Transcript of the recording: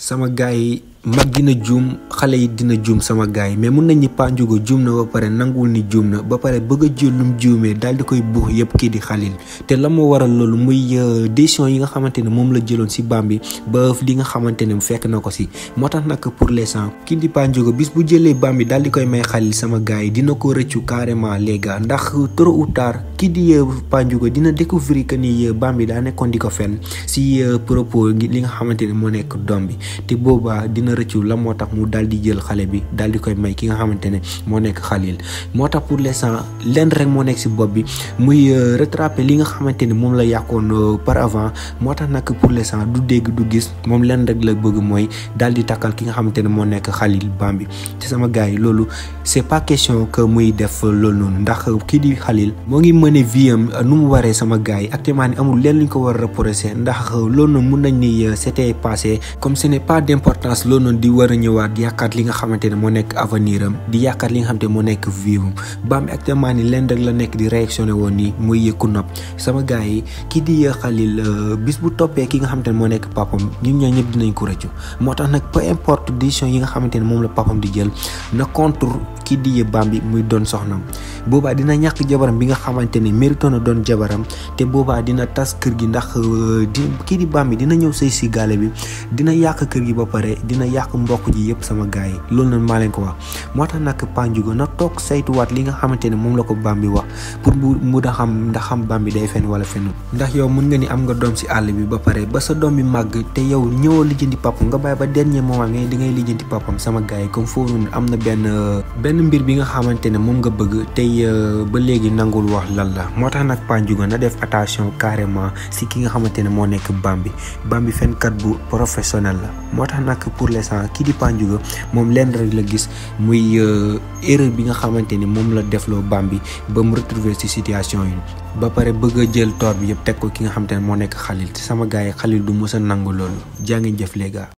sama gaay yi mag dina juum xale yi dina juum sama gaay mais mun nañ ni Pa Ndiouga juum na ba pare nanguwul ni juum na ba pare bëgg a jël lum juumee daal di koy buux yëpp kii di Khalil te la moo waral loolu muy euh, décision yi nga xamante ne moom la jëloon si Bambi ba li nga xamante ne fekk na ko si moo tax nag pour l'instant kii di Pa bis bu jëlee Bambi daal di koy may Khalil sama gaay yi dina ko rëccu carrément les gars ndax trop ou tard kii di euh, Pa Ndiouga dina découvrir que ni euh, Bambi daa nekkoon di ko fenn si propos li nga xamante ne moo nekk doom bi te boobaa a rëccu la moo tax mu daal di jël xale bi daal di koy may ki nga xamante moo nekk Khalil moo tax pour l'instant lenn rek moo nekk si bopp bi muy euh, rattraper li nga xamante moom la yàqoon euh, moo tax nag pour l'instant du dégg du gis moom lenn rek la bëgg mooy daal di takkal ki nga xamante ne moo nekk Khalil Bambi ci sama gars yi loolu c'est pas question que muy def loolu noonu ndax kii di Khalil moo ngi mëne euh, nu mu waree sama gars yi actuellement ni amul lenn luñ ko war a reprocher ndax loolu noonu mun nañ ni c'était passé comme ce n'est pas d'importance loolu tolloon di war a ñëwaat di yàqaat li nga xamante ne moo nekk avenir am di yàqaat li nga xamante moo nekk vivre ba am actuellement ni lenn rek la nekk di réactionné e woon ni muy yëkku nopp sama gars yi kii di yëkkalil euh, bis bu toppee ki nga xamante ne moo nekk papam ñun ñoo ñëpp dinañ ko rëccu moo tax nag peu importe décision yi nga xamante ne moom la papam di jël na contre kii di baam bi muy doon soxna boobaa dina ñàkk jabaram bi nga xamante ne mérito na doon jabaram te boobaa dina tas kër gi ndax euh, di kii di baam bi dina ñëw sëy si gaale bi dina yàq kër gi ba pare dina yàq mbokk ji yëpp sama gars yi loolu na maa leen ko wax motax nak pan ju gëna tok saytu wat li nga xamanteni mom la ko bambi wax pour mu da xam ndax xam bambi day fen wala fenu ndax yow mën nga ni am nga dom ci all bi ba paré ba sa dom bi mag te yow ñëwoo li jëndi papa nga bay ba dernier moment ngay di ngay li jëndi papa sama gaay comme fofu am na ben eh, ben mbir bi nga xamanteni mom nga bëgg te ba légui nangul wax lan la motax nak pan ju gëna def attention carrément ci ki nga xamanteni mo nekk bambi bambi fen kat bu professionnel la motax nak pour l'instant ki di pan ju mom lenn rek la gis muy mooy euh, erreur bi nga xamante ni moom la defloo bi ba mu retrouver ci situation yi ba pare bëgg a jël tort bi yëpp teg ko ki nga xamante ne moo nekk Khalil sama gars yi Khalil du mës a nangu loolu jaa jëf les